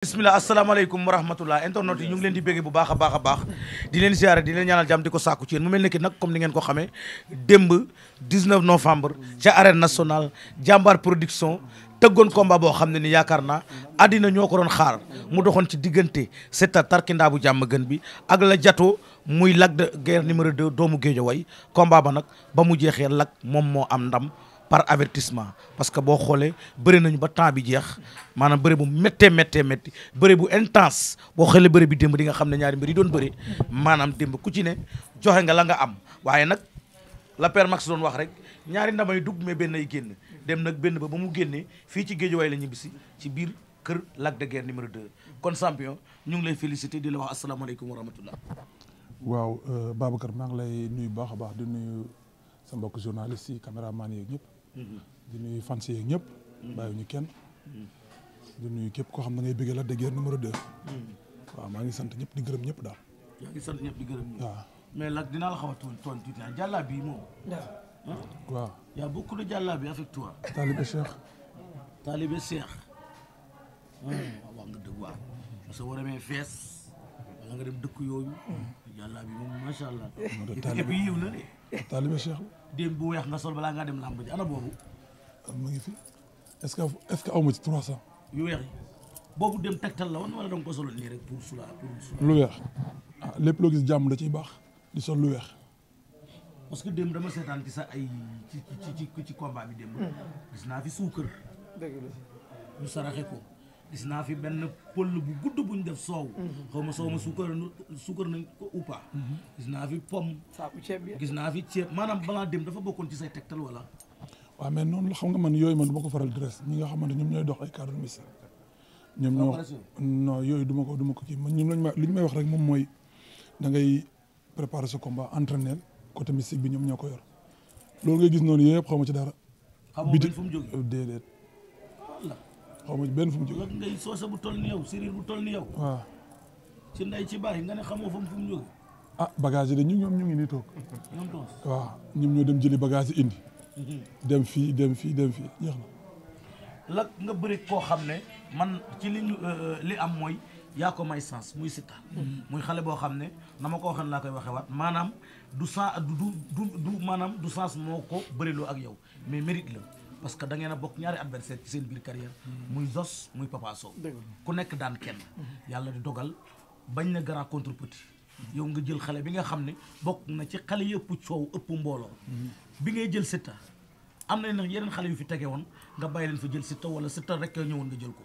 bismillah asalaamaaleykum wa rahmatullah internet yi ñu ngi leen di bégge bu baax a baax a baax di leen ziare di leen ñaanal jàmm di ko sàkku ci yéen mu mel ni ki nag comme ni ngeen ko xamee démb 19 novembre ca arène nationale jàmbaar production tëggoon combat boo xam ne ni yaakaar naa àddina ñoo ko doon xaar mu doxoon ci diggante Siteu tarkindaa bu jàmm gën bi ak la jatoo muy Lac de numéro 2 doomu way combat ba nag ba mu jeexee lag moom moo am ndam par avertissement parce que boo xoolee bëri nañu ba temps bi jeex maanaam bëri bu méttee méttee métti bëri bu intense boo xoolee bëri bi démb di nga xam ne ñaari mbir yi doon bëri maanaam démb ku ci ne joxe nga la nga am waaye nag la père Max doon wax rek ñaari ndamay dugg mais benn ay génn dem nag benn ba ba mu génnee fii ci géejuwaay la ñibbisi ci biir kër Lac de Guiers numéro 2 kon champion ñu ngi lay félicité di la wax asalaamaaleykum wa rahmatullah waaw euh, Babacar maa ngi lay nuyu baax a baax di nuyu sa mbokk journaliste yi caméraman yi ñëpp di nuyu fans yi ñëpp. Mm-hmm. bàyyiwuñu kenn. Mm-hmm. di nuyu képp koo xam ne ngay bëggee la de Guiers numéro 2. Mm-hmm. waaw maa ngi sant ñëpp di gërëm ñëpp daal. yaa ngi sant mais Lac dinaa la xaw a tooñ tooñ tuuti ah yi moom. Ah? waaw. a beaucoup de jàllabi avec toi. Talibé Cheikh. Talibé Cheikh. Ah, waaw wax nga dëgg waaw parce que boo fees. wala nga dem dëkk yooyu. jàllabi moom macha allah. moom de Talibé taalibe Cheikh la. démb bu weex nga sol balaa ngaa dem làmb ji ana boobu. Ah, ma ngi fi est-ce que est-ce que aw ma ci trois cent. yu weex yi boobu dem tegtal la woon wala da nga ko solo nii rek pour sula pour. lu weex ah lépp gis jàmm da ciy baax di sol lu weex. parce que démb dama seetaan ci sa ay ci ci ci ci combat bi démb. Hmm. gis naa fi suukar. dëgg la ñu ko. gis naa fi benn pël bu gudd buñ def soow xaw ma soow ma suukar suukar nañ ko ou pas gis naa fi pom saaku ceeb bi gis naa fi ceeb maanaam balaa dem dafa bokkoon ci say tegtal wala waaw mais noonu lu xam nga man yooyu man du ko faral di res ñi nga xamante ñoom ñooy dox ay cadre ministère ñoom ñoo non yooyu du ma ko du ko kii man ñoom lañ ma li ñu may wax rek moom mooy da ngay préparer sa combat entraîner côté mystique bi ñoom ñoo ko yor loolu ngay gis noonu yëpp xaw ma ci dara. xamoo fu mu jógee déedéet xaw ma benn fu mu jógee. ngay soosa bu toll ni yow séeréer bu toll ni yow. waaw. ci nday ci baax yi nga ne xamoo fa fu jógee. ah bagage yi de ñu ñoom ñu ngi nii toog. ñoom toos waaw ñoom ñoo dem jëli bagage yi indi. Mhm. dem fii dem fii dem fii jeex na. la nga bëri koo xam ne man ci li euh, euh, li am mooy yaa ko may sens muy Siteu. Mhm. muy xale boo xam ne na ma ko waxee laa koy waxee waat maanaam du sens du du du maanaam du sens moo ko bëriloo ak yow mais mérite la. parce que da ngeen a bokk ñaari adversaire ci seen biir carrière muy Zos muy Papa Sow ku nekk daan kenn yàlla di dogal bañ na grand contre yow nga jël xale bi nga xam ne bokk na ci xale yëpp coow ëpp mbooloo bi ngay jël Siteu am na yeneen xale yu fi tege woon nga bàyyi leen fa jël Siteu wala Siteu rek ñëwoon nga jël ko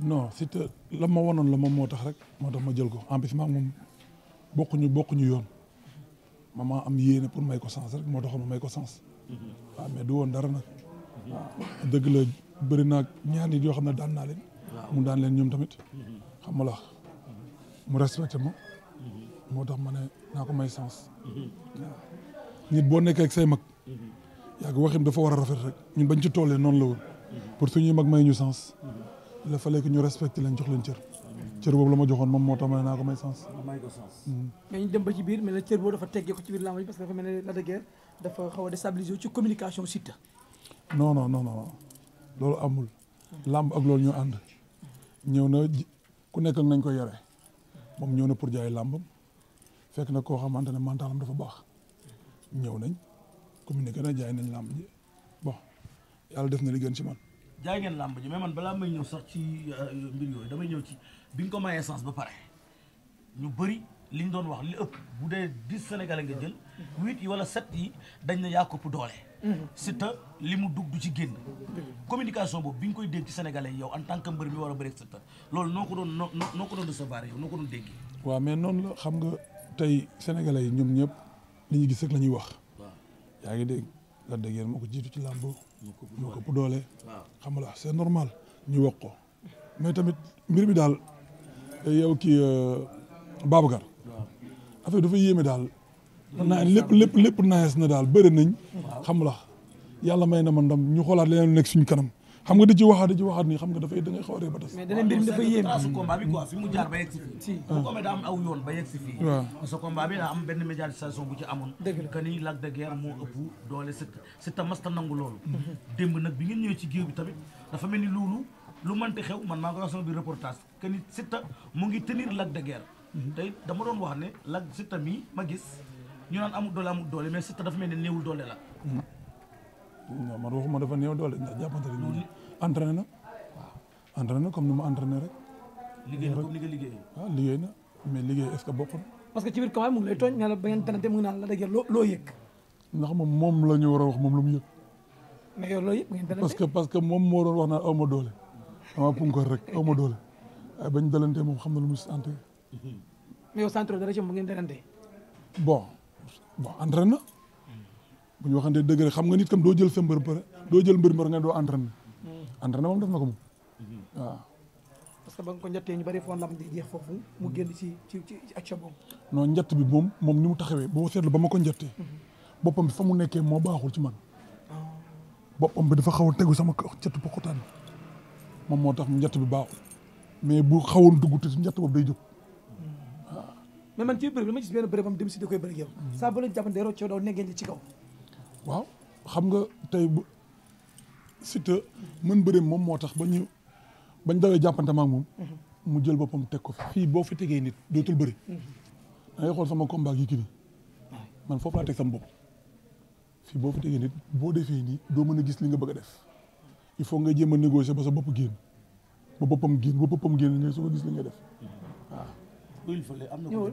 non Siteu la ma wanoon la moom moo tax rek moo tax ma jël ko en plus moom bokkuñu bokkuñu yoon ma am yéene pour may ko sens rek moo taxoon ma may ko sens waaw mais du woon dara nag a dëgg la bëri naa ñaar nit xam ne daan naa leen mu daan leen ñoom tamit xam nga la mu respecté ma moo tax ma ne naa ko may sens nit boo nekkee ak say mag yaa waxim dafa war a rafet rek ñu bañ ci tollee noonu la woon pour suñuy mag may ñu sens la fallait que ñu respecté leen jox leen cër cër boobu la ma joxoon moom moo tax ma ne naa ko may sens. may ko mm. ñu dem ba ci biir mais nag cër boobu dafa teggee ko ci biir làmb ji parce que dafa dafa xaw a déstabiliser ci communication Siteu. non non non non loolu amul. làmb ak loolu ñu ànd. ñëw na ku nekk nañ koy yore moom ñëw na pour jaay làmbam fekk na koo xamante ne mentalam dafa baax ñëw nañ communiqué na jaay nañ làmb ji bon yàlla def na li gën ci man. jaay ngeen làmb ji mais man balaa may ñëw sax ci euh, mbir yooyu damay ñëw ci biñ ko mayee essence ba pare ñu bëri. li ñu doon wax li ëpp bu dee dix sénégalais nga jël huit yi wala set yi dañ na yaa kopp doole Siteu li mu dugg du ci génn communication boobu bi ñu koy dégg ci sénégalais yow en tant que mbër mi war a bëri loolu noo ko doon noo noo ko doon recevoir yow noo ko doon déggee waaw xam nga tey sénégalais yi ñoom ñëpp li ñu gis rek la ñuy wax yaa ngi dégg la dégg moo ko jiitu ci làmb moo ko ëpp doole xam nga c'est normal ñu wax ko mais tamit mbir mi daal yow kii euh, Babacar affaire dafa yéeme daal. naa lépp lépp lépp naes na daal bëri nañ. xam la yàlla may na ma ndam ñu xoolaat leneen nekk suñu kanam. xam nga da ci waxaat da ci waxaat nii xam nga da ngay xaw a dafa yéem am aw yoon ba yegg si fii. waaw bu ci amoon. dëgg la que ni Lac de Guiers moo ëpp doole si si tamasta nangu loolu. Mm-hmm. démb nag bi ngeen ñëwee ci géew bi tamit dafa mel ni loolu lu mënti xew man maa ngi wax sama biir reportage que ni Siteu mu ngi tenir Lac de Guiers. tey dama doon wax ne Lac Siteu mi ma gis ñu naan amul doole amul doole mais Siteu dafa mel ne néewul doole la. Mm-hmm. non man waxuma dafa néew doole ndax jàppante ne entraîné na. waaw entraîné na comme ni ma entraîné rek. liggéey na comme ni nga liggéey. waaw ah, liggéey na mais liggéey est que ci biir kawam mu ngi lay tooñ ne la ba ngeen tànnate mu ngi naan loo loo yëg. ndax moom moom la ñu war a wax moom lu mu yëg. mais yow loo yëg ba ngeen parce que parce que moom moo doon wax naan aw ma doole. dama punkar rek aw ma doole waaye bañ dalante moom xam na lu mu sentir mais yow centre dara ci mu ngeen bon bon entraîne na bu ñu waxante dëgg xam nga nit kam doo jël sa mbër mbër doo jël mbër mbër nga doo entraîne entraîne moom def na ko moom waaw parce que ko njattee ñu bari foon lam di foofu mu génn ci ci ci action boobu non bi moom moom ni mu taxawee boo seetlu ba ma ko njattee boppam bi fa mu nekkee moo baaxul ci man ah. boppam bi dafa xaw tegu sama catu pokotaan moom moo tax njatt bi baaxul mais bu xawoon dugg te njatt day jóg mais man ci bëri dama dem si koy bëri yow saa jàppante roccoo daw ci kaw xam nga tey bu Siteu mën bëri moom moo tax ba ñu bañ dawee jàppante maak moom mu jël boppam teg ko fii boo fi tegee nit dootul bëri da ngay xool sama combat yi kii man foofu laa teg sama bopp fii boo fi tegee nit boo defee nii doo mën a gis li nga bëgg def il faut nga jéem a négocier ba sa bopp génn ba boppam génn ba boppam génn ngay soo ko gis li nga def uyul am na ko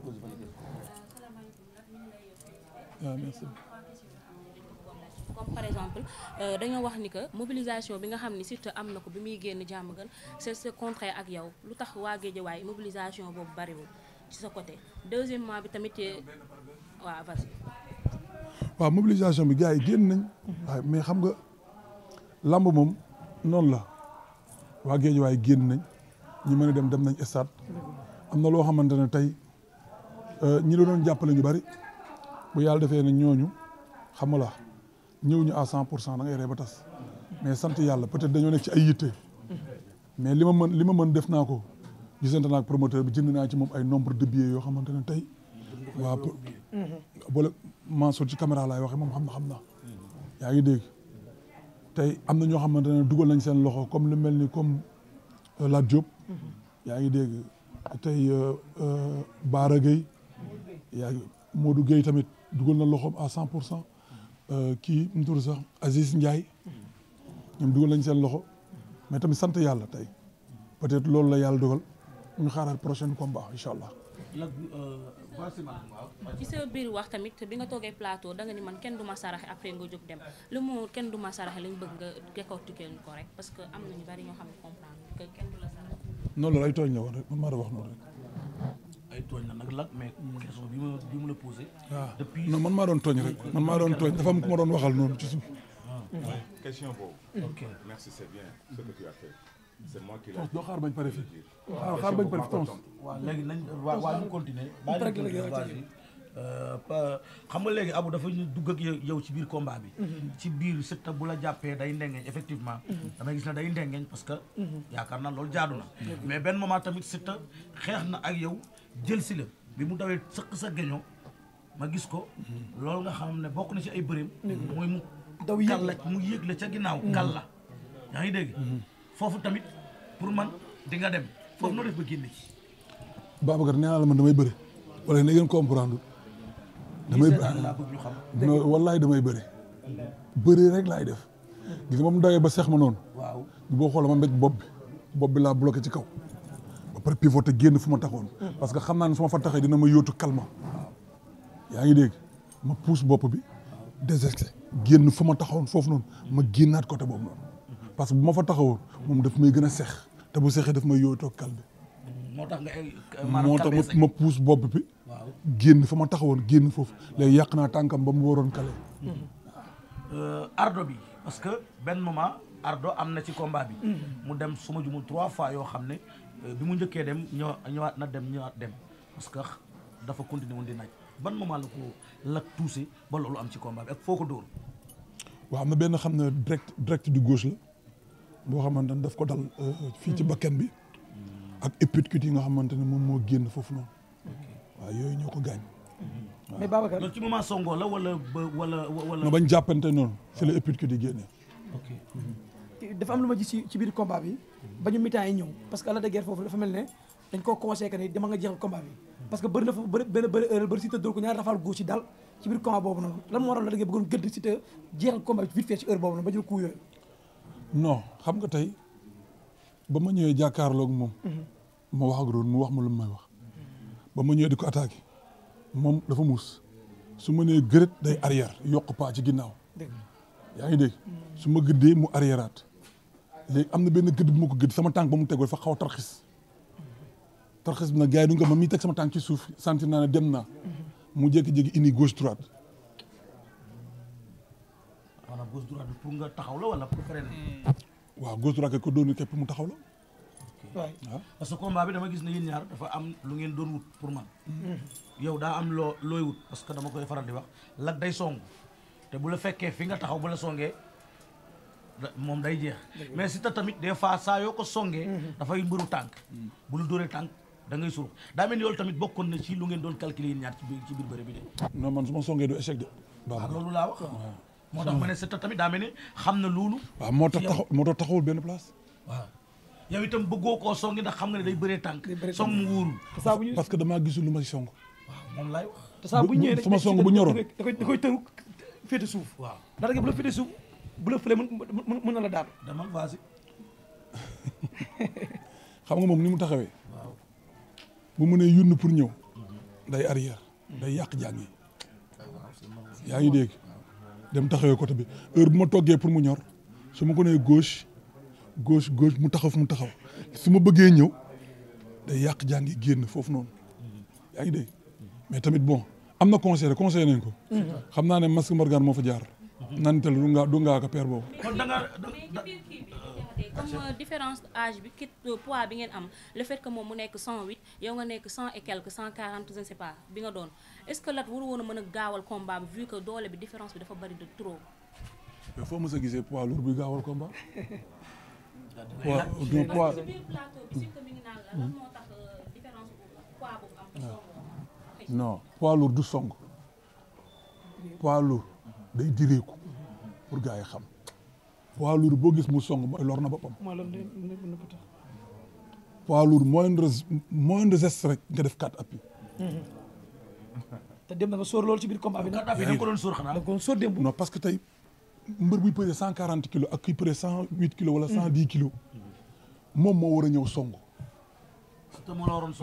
ah, par exemple euh, dañoo wax ni que mobilisation bi nga xam ni surtout am na ko bi muy génn jàmm gën c'est ce contraire ak yow lu tax waa Guédiawaye mobilisation boobu bariwul ci sa côté deuxièmement bi tamit euh, waaw vas-y mobilisation bi gars yi génn nañ waaye mais xam nga lamb moom noonu la waa Guédiawaye génn nañ ñi mën a dem dem nañ stade am na loo xamante ne tey euh, ñi la doon jàppale ñu bari bu yàlla defee ne ñooñu xam la ñëw ñu à cent pour cent da ngay ree ba tas mais sant yàlla peut-être dañoo nekk ci ay yitte mais li ma mën li ma mën def naa ko gisante naa promoteur bi jënd naa ci moom ay nombre de billets yoo xamante ne tey waa boole Mansour ci caméra laay waxee moom xam na xam na yaa ngi dégg tey am na ñoo xamante ne dugal nañ seen loxo comme lu mel ni comme euh, la Diop yaa ngi dégg tey euh, euh, Baara Gueye yaa Modou Gueye tamit dugal na loxoom a cent pour cent euh, kii mu tudd sax Aziz Ndiaye ñoom dugal nañ seen loxo mais tamit sant yàlla tey peut-être loolu la yàlla dogal ñu xaaral prochain combat incha allah. ci sa biir wax tamit bi nga toogee plateau danga ni man kenn du ma saraxe après nga jóg dem lu mu kenn du ma saraxe bëgg nga décortiquer ko rek parce que am na ñu bari ñoo xam ne comprendre non la ay tooñ la rek man maa doon wax noonu rek. ay tooñ la nag la mais question bi ma bi la posé. Ah, man maa doon tooñ rek man maa doon tooñ dafa am ku ma doon waxal noonu ci suuf. Ah, question boobu. Mm. ok merci c'est bien ce que tu xaar bañ pare fii. waaw ah, xaar bañ pare fii tontu. waaw léegi nañ waaw waaw ñu continuer. Euh, xam nga léegi abu dafa dugg ak yow ci biir combat bi mm-hmm. ci biir Siteu bu la jàppee day ndengeñ effectivement mm-hmm. damay gis ne day ndengeñ parce que mm-hmm. yaakaar naa loolu jaadu na mais benn moment tamit Siteu xeex na ak yow jël si la bi mu dawee sëq sa ma gis ko loolu nga xam ne bokk na ci ay bëreem mooy daw yëg la mu la ca ginnaaw kal la yaa ngi dégg foofu tamit pour man di nga dem foofu noo def ba génne ci Babacar nee naa la man damay bëri wala na ngeen comprendre damay non wallaay damay bëri bëri rek laay def gis nga moom dawee ba seex ma noonu boo xoolee ma mbéj bopp bi bopp bi laa bloqué ci kaw ba pare pivoté génn fu ma taxoon hmm. parce que xam naa ne su ma fa taxee dina ma yóotu calme yaa ngi dégg ma pousse bopp bi désesté génn fu ma taxawoon foofu noonu ma génnaat côté boobu noonu parce que bu fa taxawoon moom daf may gën a seex te bu seexee daf may yóotoo calme hmm. moo tax ma pousse bopp bi génn fa ma taxawoon génn foofu léegi yàq naa tànkam ba mu waroon kale. Euh, ardo bi parce que benn moment ardo am na ci combat bi. mu dem su ma jumu trois fois yoo xam ne euh, bi mu njëkkee dem ñëwa ñëwaat na dem ñëwaat dem parce que dafa continué woon di naaj ban moment la ko la tuuse ba loolu am ci combat bi ak foo ko dóor. waaw am benn xam ne direct direct du gauche la boo xamante ne daf ko dal. Euh, fii ci hmm. bakken bi. ak épicute yi nga xamante ne moom moo génn foofu noonu. waaw yooyu ñoo ko gaañ. mais Babacar ci moment songoo jàppante noonu si la épide di génne. ok dafa am lu ma gis ci ci biir combat bi ba ñu mitaan yi ñëw parce que Lac de foofu dafa mel ne dañ koo conseillé que ni dama nga jeexal combat bi. parce que bëri na fa bëri benn bëri heure bëri si te dóor ko ñaari rafal góor ci dal ci biir combat boobu noonu lan moo waral Lac de Guiers bëggoon gëdd si te jeexal combat bi vite fait ci heure boobu noonu ba jël coup yooyu. xam nga ma ñëwee ba ma ñëwee di ko attaqué moom dafa muus su ma nee gërët day arrière yokk pas ci ginnaaw. yaa ngi dégg su ma gëddee mu arrièreaat léegi am na benn gëdd bu ma ko gëdd sama tànk ba mu tegoo dafa xaw a tarxis tarxis bi nag gars ma mii teg sama tànk ci suuf sentir naa ne dem naa mu jékki-jékki indi gauche droite. maanaam bi pour nga taxaw la wala pour freiner. waaw gauche droite ko doon képp mu taxaw la. waaw ah. parce que combat bi dama gis ne yéen ñaar dafa am lu ngeen doon wut pour man. Mm-hmm. yow daa am loo looy wut parce que dama koy faral di wax Lac day song te bu la fekkee fi nga taxaw bu la songee moom day jeex. mais si ta tamit des fois saa yoo ko songee. Mm-hmm. dafay mbëru tànk. Mm-hmm. bu lu dóoree tànk da ngay surux daa mel ni loolu tamit bokkoon na ci lu ngeen doon calculer yéen ñaar ci biir ci biir bëre bi de. non man su ma songee du échec de. waaw ah, loolu laa wax. moo tax ma ne si tamit daa mel ni xam na loolu. moo tax taxaw moo tax taxawul benn yow itam bëggoo koo songi ndax xam nga ne day bëree tànk song mu wóorul parce que damaa gisul lu ma si song waaw moom laay wax te saa bu ñëwee sama song bu ñoroon da koy da koy tënk féete suuf waaw ndax bu la féete suuf bu la fële mën mën na la daal dama vaasi xam nga moom ni mu taxawee bu mënee yunn pour ñëw day arrière day yàq jàng yi yaa ngi dégg dem taxawee côté bi heure bu ma toggee pour mu ñor su ma ko ne gauche gauche gauche mu taxaw fu mu taxaw su ma bëggee ñëw day yàq jàngi génn foofu noonu yaa ngi mais tamit bon am na conseil conseil nañ ko. xam naa ne masque mbargaan moo fa jaar. naan tel du ngaa du ngaa ko père boobu. kon da nga euh, différence âge bi kit euh, poids bi ngeen am le fait moom mu nekk cent huit yow nga nekk cent et cent quarante je ne sais pas bi nga doon est woon mën a gaawal combat bi doole bi différence bi dafa bari de trop. mais foo mës a gisee poids lourd bi gaawal combat. waaw du poids. non poids lourd du song. poids lourd day direeku pour gars yi xam. poids lourd boo gis mu song mooy lor na boppam. poids lourd moindre moindre geste rek nga def quatre appuis. Mm-hmm. te dem na nga sóor ci biir combat bi. da nga ko doon sóor xanaa da nga ko non parce que mbër buy pesé cent quarante kilos ak kuy pesé cent huit kilos wala cent dix kilos moom moo war a ñëw song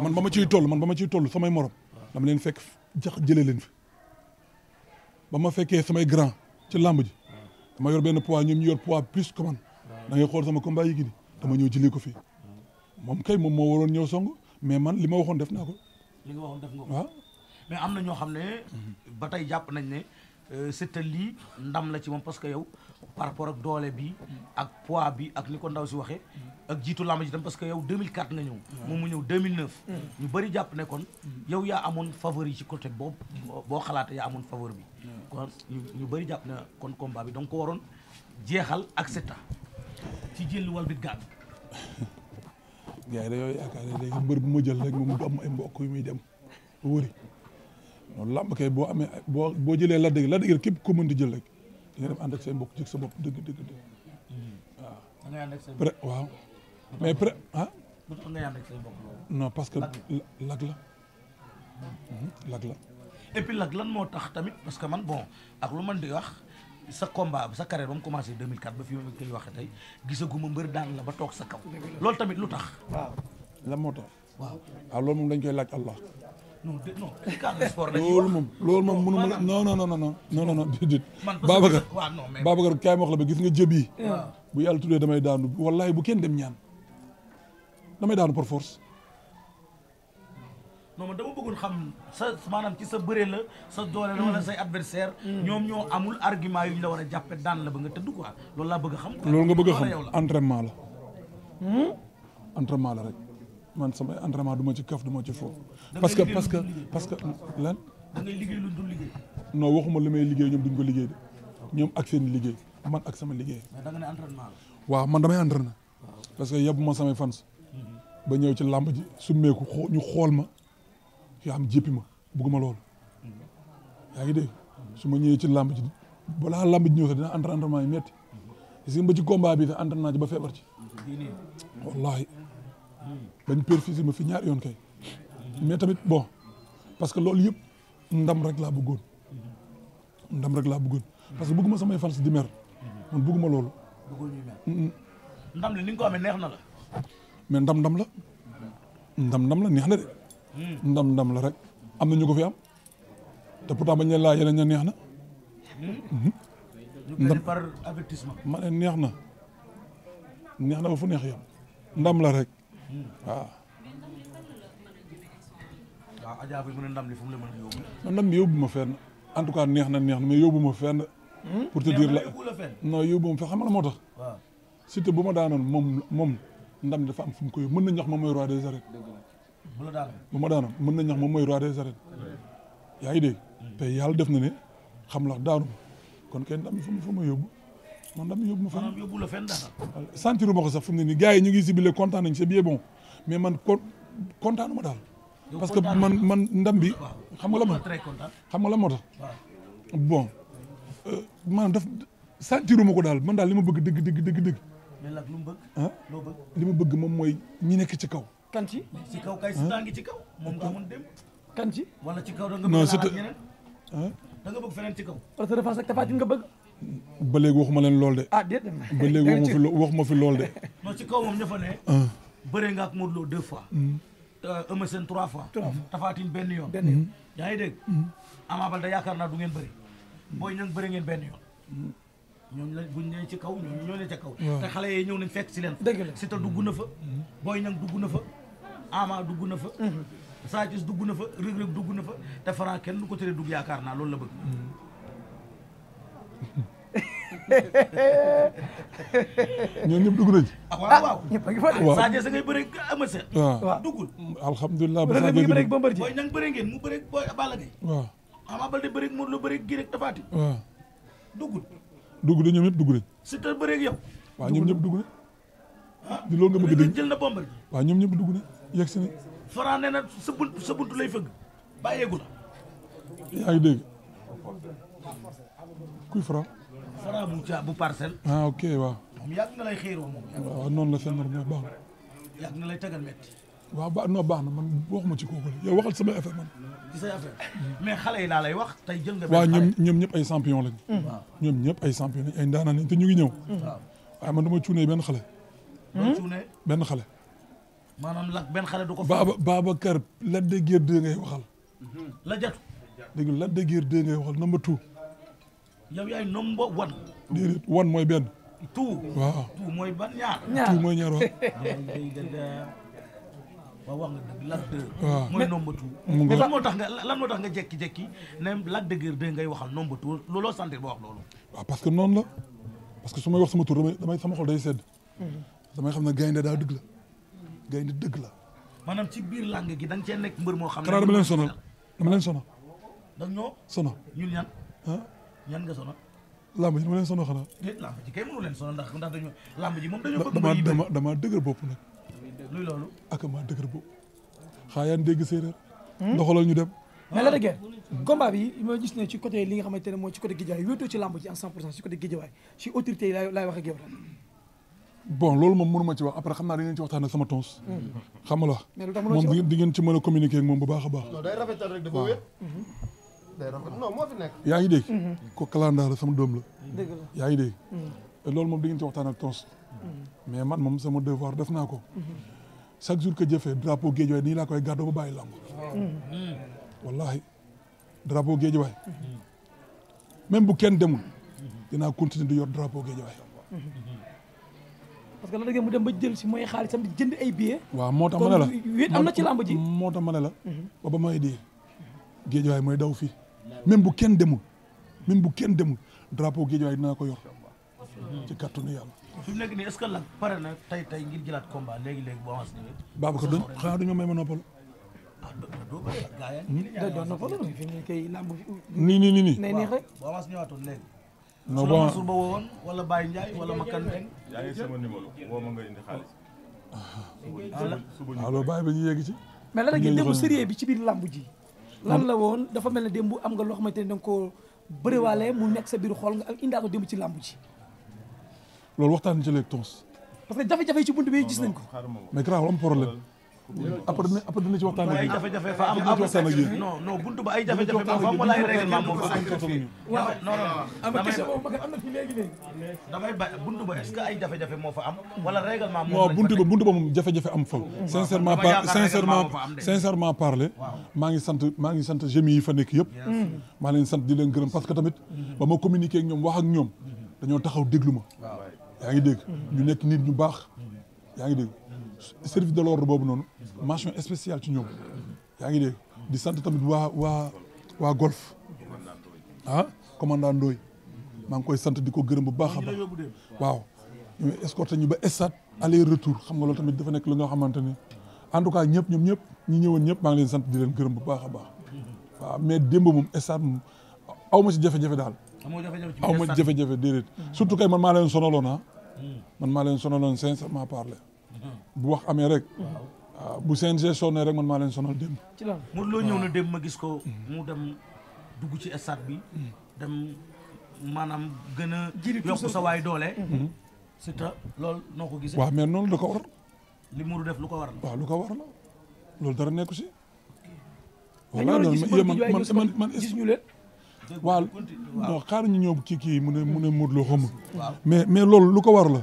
man ba ma ciy toll man ba ma ciy toll samay morom dama leen fekk jax jëlee leen fi ba ma fekkee samay grand ci làmb ji dama yor benn poids ñoom ñu yor poids plus que man da ngay xool sama combat yi gii dama ñëw jëlee ko fii moom kay moom moo waroon ñëw song mais man li ma waxoon def naa ko li nga waxoon def nga ko mais am na ñoo xam ne ba tey jàpp nañ ne Siteu lii ndam la ci moom parce que yow par rapport ak doole bi ak pois bi ak ni ko ndaw si waxee ak jiitu làmb ji tam parce que yow 2004 nga ñëw moom mu ñëw 2009 mm. ñu bëri jàpp ne kon mm. yow yaa amoon faveur yi ci côté boobu boo xalaate yaa amoon faveur bi kon ñu bëri jàpp ne kon combat bi donc ko waroon jeexal ak Siteu ci jël wal bit gàtt gars yi dañoo yaakaar ne léegi bu ma jël rek moom du am ay mbokk yu muy dem wëri loolu làmb kay boo amee boo boo jëlee la dëgg la dëgg képp ko di jël rek di nga dem ànd ak sa mbokk jëg sa bopp dëgg dëgg dëgg waaw. waaw mais pré ah. no parce que lag la mhm, lag la. et puis lag lan moo tax tamit parce que man bon ak lu man di wax sa combat sa carrière ba mu commencé 2004 ba fi ma koy waxee tey gisaguma mbër daan la ba toog sa kaw. loolu tamit lu tax. waaw lan moo tax. waaw waaw ah, loolu moom dañ koy laaj Allah. non non loolu moom loolu moom mënu ma la non non non non non non déedéet Babacar Babacar kaay ma wax la ba gis nga jëb yi bu yàlla tuddee damay daanu wallahi bu kenn dem ñaan damay daanu par force non man dama bëggoon xam sa maanaam ci sa bëre la sa doole la wala mm. say adversaire mm. ñoom ñoo amul argument yu ñu la war a jàppe daan la ba nga tëdd quoi loolu laa bëgg a xam loolu nga bëgg a xam entraînement la entraînement la hmm? rek man sama entraînement du moo ci kaf du ma ci foofu. parce que parce que parce lan. da ngay liggéey lu li may liggéey ñoom duñ ko liggéey de ñoom ak seen liggéey man ak sama liggéey. mais da waaw man damay na parce que yóbbu ma samay fans. Mhm. ba ñëw ci làmb ji summeeku ñu xool ma yaa am jéppi ma bugguma loolu. Mhm. yaa ngi dégg su ma ñëwee ci làmb ji balaa làmb ji ñëw sax dina entraînement yi metti gis nga ba ci combat bi te entraînement ji ba feebar ci. wallaahi. bañ perfusé ma fi ñaar yoon kay mais tamit bon parce que loolu yëpp ndam rek laa bëggoon ndam rek laa bëggoon parce que bëgguma samay fans di mer man bëgguma loolu. ndam li ni ko amee neex na mais ndam ndam la ndam ndam la neex na de. Mm. ndam ndam la rek am na ñu ko fi am te pourtant bañ ne laa yeneen ña neex na. Mm. Mm-hmm. ndam par neex na neex na ba fu neex yam ndam la rek. waaw. waaw Adja bi mu ne ndam li fu mu la mën a yóbbu. ndam bi yóbbu ma fenn en tout cas neex na neex na mais yóbbu ma fenn. Hmm? pour te dire la non yóbbu ma fenn xam nga moo tax. waaw surtout bu ma daanoon moom moom ndam dafa am fu mu ko yóbbu mën na ñax moom mooy roi des arènes. bu la bu ma daanoon mën na ñax moom mooy roi des arènes. yaa ngi dégg. Hmm. te yàlla def na ne xam la daanu kon kenn ndam bi fu mu man dama yóbbu ma fenn maanaam yóbbu la fenn daal. sentiru ma ko sax fu mu ñu ngi sibile kontaan nañ c'est bien bon mais man ko kontaanu ma daal. parce que man man ndam bi. xam nga la ma xam nga la moo tax. bon euh, maanaam daf sentiru ma ko daal man daal li ma bëgg dëgg dëgg dëgg dëgg. mais nag bëgg. ah loo li ma bëgg moom mooy ñi nekk ci kaw. kan ci ci kaw kay si ngi ci kaw. moom nga amoon dem kan ci. wala ci kaw da bëgg a laal da nga bëgg feneen ci kaw. parce que refaas ak tafaat nga bëgg. ba léegi waxuma leen lool de. ah déedéet ba léegi waxuma fi waxuma lool de. non ci kaw moom ña fa ne. Ah. bëree nga ak Modou Lo fois. Mm. Euh, Eumeu Sène trois fois. Tapha Tine benn yoon. benn yoon mm. yaa ngi dégg. Mm. Ama Baldé yaakaar naa du ngeen bëri. Boy Niang bëri ngeen benn yoon. ñooñu la buñ nee ci kaw ñooñu ñoo ne ca kaw. te xale yi ñëw nañ fekk si leen. dëgg si te dugg na fa. Boy Niang dugg na fa. Ama dugg na fa. Mm-hmm. Sa dugg na fa Reug dugg na fa te Franc kenn du ko tere dugg yaakaar naa loolu la bëgg. ñoom ñëpp dugg nañ ci. ah waaw waaw ah, a ngi fa de. waaw Sadio sa ngay bëre Eumeu Sène. waaw duggul. ba Sadio bi bëre booy ñang bëre ngeen mu bëre booy a Gaye. waaw xam nga Balde bëre Modou Lo bëre gi rek Tapha Tine. waaw duggul. dugg ñoom ñëpp dugg nañ. Siteu bëre ak yow. waaw ñoom ñëpp dugg nañ. ah nga bëgg a dégg jël na Bombardier. waaw ñoom ñëpp dugg nañ yegg si nañ. sa bunt lay fëgg bàyyeegu la. yaa ngi dégg kuy Fra. Fra bu ca bu parcelle. ah ok waaw. moom yàgg na lay xéeroo moom. Ah, waaw noonu la seen normal baax na. yàgg na lay tegal métti. waaw ba non baax na man waxuma ci kooku la yow waxal sama affaire man. ci say affaire mais xale yi laa lay wax tey jël nga. waaw ñoom ñoom ñëpp ay champion lañ. Hmm. waaw ñoom ñëpp ay champion lañ ay ndaanaan lañ te ñu ngi ñëw. Hmm. waaw waaye man dama cuunee benn xale. Hmm? dama cuunee benn xale. maanaam lak benn xale du ko. Baba Babacar Lac de Guiers 2 ngay waxal. la jatu. dégg nga Lac de Guiers 2 ngay waxal number two. yow yaay number one. déedéet mooy benn. two waaw mooy ban ñaar. ñaar two mooy ñaar waaw. waaw wax nga dëgg Lac 2. waaw mooy nombre two. mais lan moo tax nga lan moo tax nga jékki-jékki ne Lac de ngay waxal nombre looloo sentir ba wax loolu. parce que noonu la parce que su may wax sama tur damay sama xol day sedd. damay xam ne gaynde daa dëgg la gaynde dëgg la. maanaam ci biir làng gi da nga cee nekk mbër moo xam ne. dama leen sonal dama leen sonal. da ñoo sonal ñan nga sonal. làmb ji dama leen sonal xanaa. dama dama dama dëgër nag. luy loolu. ak ma dëgër bopp. xaayaan dégg séeréer. Hmm? doxalal ñu dem. mais la dëgg combat bi ma gis ne ci côté li nga xamante ne mooy ci côté Guédiawaye wéetoo ci làmb ci en 100% ci côté Guédiawaye ci autorité yi laay laay wax ak yow bon loolu moom mënu ma ci wax après xam naa da ci waxtaan sama tons hmm. xam nga la ci mën a communiquer ak moom bu baax a baax. day rafet yaa ngi dégg. Mhm. ko kalandaar la sama doom la. dëgg la yaa mhm. moom da ngeen ci waxtaan tons. Mhm. mais man moom sama devoir def naa ko. chaque jour que jëfee drapeau Guédiawaye nii laa koy gàddu ba bàyyi lamb. wallahi drapeau Guédiawaye. même bu kenn demul. dinaa continuer di yor drapeau Guédiawaye. parce que la da mu dem ba si ma ne la wéet am lamb ji. moo tax ma ne la. ba ba may di Guédiawaye mooy daw fii. même bu kenn demul même bu kenn demul drapeau Guédiawaye dinaa ko yor ci kàttanu yàlla. fi mu est-ce que la pare na tey tey ngir jëlaat combat léegi léegi bu avance nii. Babacar doon xanaa may ma noppalu. ah doo doo bëri gaa yaa ngi. da doon noppalu fi mu nekk nii su la woon wala Baye wala Makan Dieng. yaa ngi sama numéro woo ma nga indi xaalis. Ah. suba yegg ci. mais lan la ngeen dem bi ci biir làmb ji. lan la woon dafa mel ne démb am nga loo xamante ne da nga koo bëriwaale mu nekk sa biir xool nga ak indaa ko démb ci làmb ci loolu waxtaan ci léegi tons parce que jafe-jafe yi ci bunt bi gis nañ ko mais grave am problème après dina après dina jafe-jafe fa am dina ci waxtaan ak yéen non non buntu ay jafe-jafe fa am wala ay règlement moom fa waaw non non am na question boobu am na fi léegi léegi damay ba buntu ba est-ce que jafe-jafe am fa sincèrement sincèrement parler maa ngi sant maa ngi sant gémi yi fa nekk yëpp mm. maa leen sant di la gërëm parce que tamit ba ma communiquer ak ñoom wax ak ñoom dañoo taxaw déglu ma yaa ngi dégg mm-hmm. ñu nekk nit ñu baax yaa ngi dégg service de l'ordre boobu noonu mention spéciale ci ñoom yaa ngi dégg di sant tamit waa waa waa golf ah commandant Ndoye maa ngi koy sant di ko gërëm bu baax a baax waaw ñu ñu ba stade aller retour xam nga loolu tamit dafa nekk li nga xamante ni en tout cas ñëpp ñoom ñëpp ñi ñëwoon ñëpp maa ngi sant di leen gërëm bu baax a baax waaw mais démb moom stade aw ma ci jafe-jafe daal aw ma ci jafe-jafe déedéet surtout kay man maa leen sonaloon ah hmm. man maa leen sonaloon sincèrement parler bu wax amee rek. bu CNG sonné rek man maa leen sonal démb. ci la Modou Lo ñëw na démb ma gis ko. mu dem dugg ci stade bi. dem maanaam gën a. yokk sa waay doole. Mm-hmm. Mm-hmm. c'est ça loolu noo ko gisee. waaw mais noonu lu ko war. li Modou def lu ko war la. waaw lu ko war la loolu dara nekku si. voilà loolu man man man man gis ñu leen. waaw non xaar ñu ñëw ci kii mu ne mu ne Modou Lo xamul. mais mais loolu lu ko war la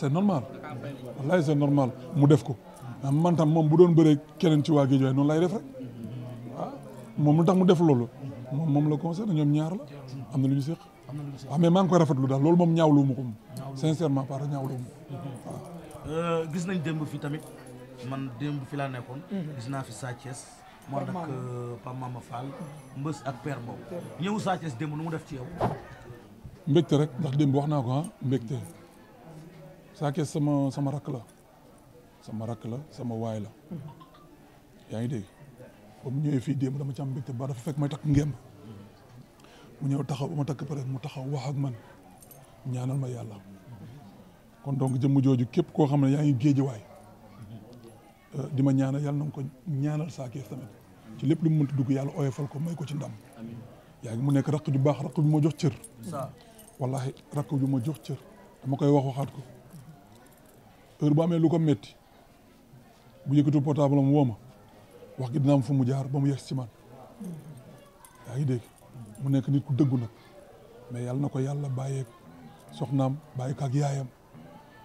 c'est normal. wallaay c'est normal mu def ko man tam moom bu doon bëree keneen ci waa Guédiawaye noonu lay def rek ah moom lu tax mu def loolu moom la concerne ñoom ñaar la am na lu ñu séq waaw ah, mais maa ngi koy rafetlu daal loolu moom ñaawlu mu ko moom sincèrement par ñaawlu mu waaw ah. euh, gis nañ fi tamit man démb fi laa nekkoon mhm. gis naa fi Sa Thiès moo nag Pape Mama euh, Fall Mbës ak Père Sa Thiès démb mu def ci yow mbégte rek ndax démb wax naa ko ah Sa sama sama rakk la sama rakk la sama waay la yaa ngi dégg ba mu ñëwee fii démb dama ci am mbégte ba dafa fekk may takk ngemb mu ñëw taxaw ba ma takk pare mu taxaw wax ak man ñaanal ma yàlla kon donc jëmm jooju képp koo xam ne yaa ngi géejewaay euh, di ma ñaanal yàlla na ko ñaanal Sa Thiès tamit ci lépp lu mu mënti dugg yàlla oyofal ko may ko ci ndam yaa ngi mu nekk rakk ju baax rakk ju ma jox cër wallaahi rakk ju ma jox cër dama koy wax waxaat ko heure bu amee lu ko métti bu yëkkatu portable am woo ma wax gi dina fu mu jaar ba mu yegg si man yaa ngi mu nekk nit ku dëggu nag mais yàlla na ko yàlla bàyyeeg soxnaam bàyyi ko ak yaayam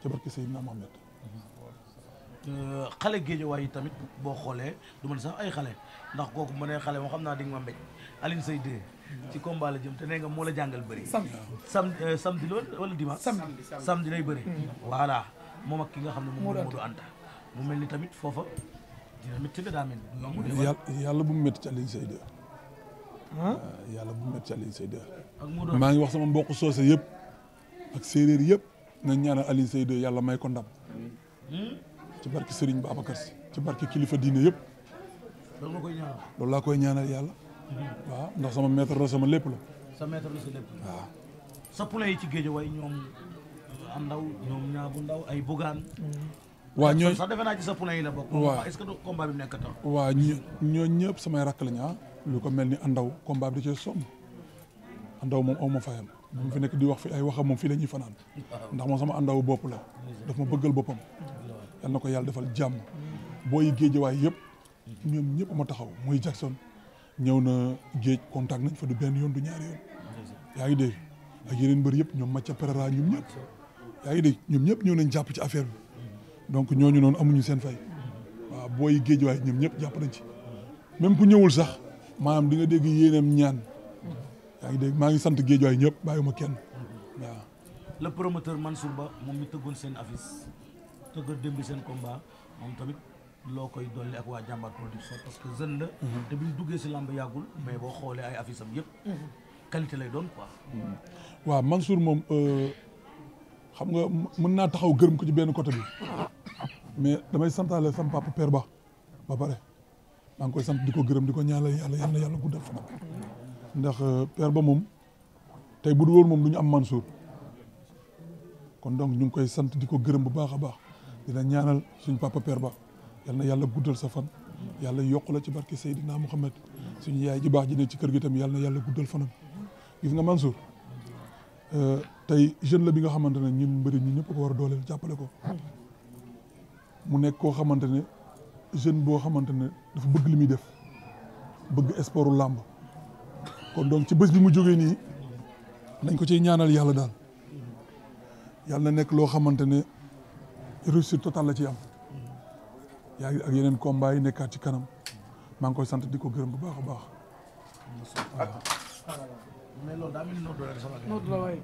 ca barke Seydina Mohamed xale géejawaay yi tamit boo xoolee du ma ne sax ay xale ndax kooku mu ne xale moo xam naa di nga ma mbéj Alioune Seye 2 ci combat jëm te nee nga moo la jàngal bëri samedi euh, samedi loolu wala dimanche samedi lay bëri moom ak ki nga xam ne moom Modou Anta mu mel ni tamit foofa dina métti daa mel yàlla bu mu métti ci Alioune Seye 2 euh, yàlla bu mu métti ci Alioune Seye 2 maa ngi wax sama mbokk soose yëpp ak séeréer yëpp nañ ñaanal Alioune Seye 2 yàlla may ko ndam hmm? ci barki Serigne Babacar Sy ci barki kilifa diine yëpp loolu laa koy ñaanal yàlla hmm. waaw ndax sama maître la sama lépp la waaw Andaw ñoom ñaa bu ndaw ay bugaan. waa ñooñu sax defe naa ci sa poulain yi la waa ñi ñëpp samay rakk lañ ah. lu ko mel ni Andaw combat bi da moom ma fayam. bu mu fi nekk di wax fi ay waxam moom fii la ñuy ndax moom sama Andaw bopp la. daf ma bëggal boppam. yal na ko yàlla defal jàmm. booy yi géejewaay yëpp. ñoom ñëpp ma taxaw muy Jackson. ñëw na géej contact nañ fa yoon du ñaari yaa ngi dégg ak mbër yëpp ñoom Macha Perera ñoom ñëpp. yaa ngi dégg ñoom ñëpp ñëw nañ jàpp ci affaire bi donc ñooñu noonu amuñu seen fay waaw booy géej waay ñoom ñëpp jàpp nañ ci même ku ñëwul sax maanaam di nga dégg yéeneem ñaan yaa ngi dégg maa ngi sant géej waay ñëpp bàyyiwuma kenn waaw. le promoteur Mansour Ba moom mi tëggoon seen affiche tëggoon démb seen combat moom tamit loo koy dolli ak waa jàmbaar production parce que jeune la. Mhm. te bi ñu duggee si làmb yàggul. mais boo xoolee ay affiche am yëpp. Mhm. qualité lay doon quoi. Mhm. waaw moom. Euh, xam nga mën naa taxaw gërëm ko ci benn côté bi mais damay santaale sama papa per ba ba pare maa ngi koy sant di ko gërëm di ko ñaanal yàlla yàlla yàlla guddal fanam ndax euh, père ba moom tey bu dul moom du ñu am Mansour kon donc ñu ngi koy sant di ko gërëm bu baax a baax dina ñaanal suñ papa père ba yàlla na yàlla sa fan yàlla yokk la ci barke Seydina Mouhamed suñu yaay ji baax ji ne ci kër gi tam yàlla na yàlla guddal fanam gis nga Mansour Euh, tey jeune la bi nga xamante ne ñun mbëri ñun ñëpp ko war a dooleel jàppale ko mu nekk koo xamante ne jeune boo xamante ne dafa bëgg li muy def bëgg sportu làmb kon donc ci bés bi mu jógee nii nañ ko ciy ñaanal yàlla daal yàlla na nekk loo xamante ne réussite totale la ci am yaa ak yeneen combat yi nekkaat ci kanam maa ngi koy sant di ko gërëm bu baax a baax. mais loolu daa mel ni noonu la waay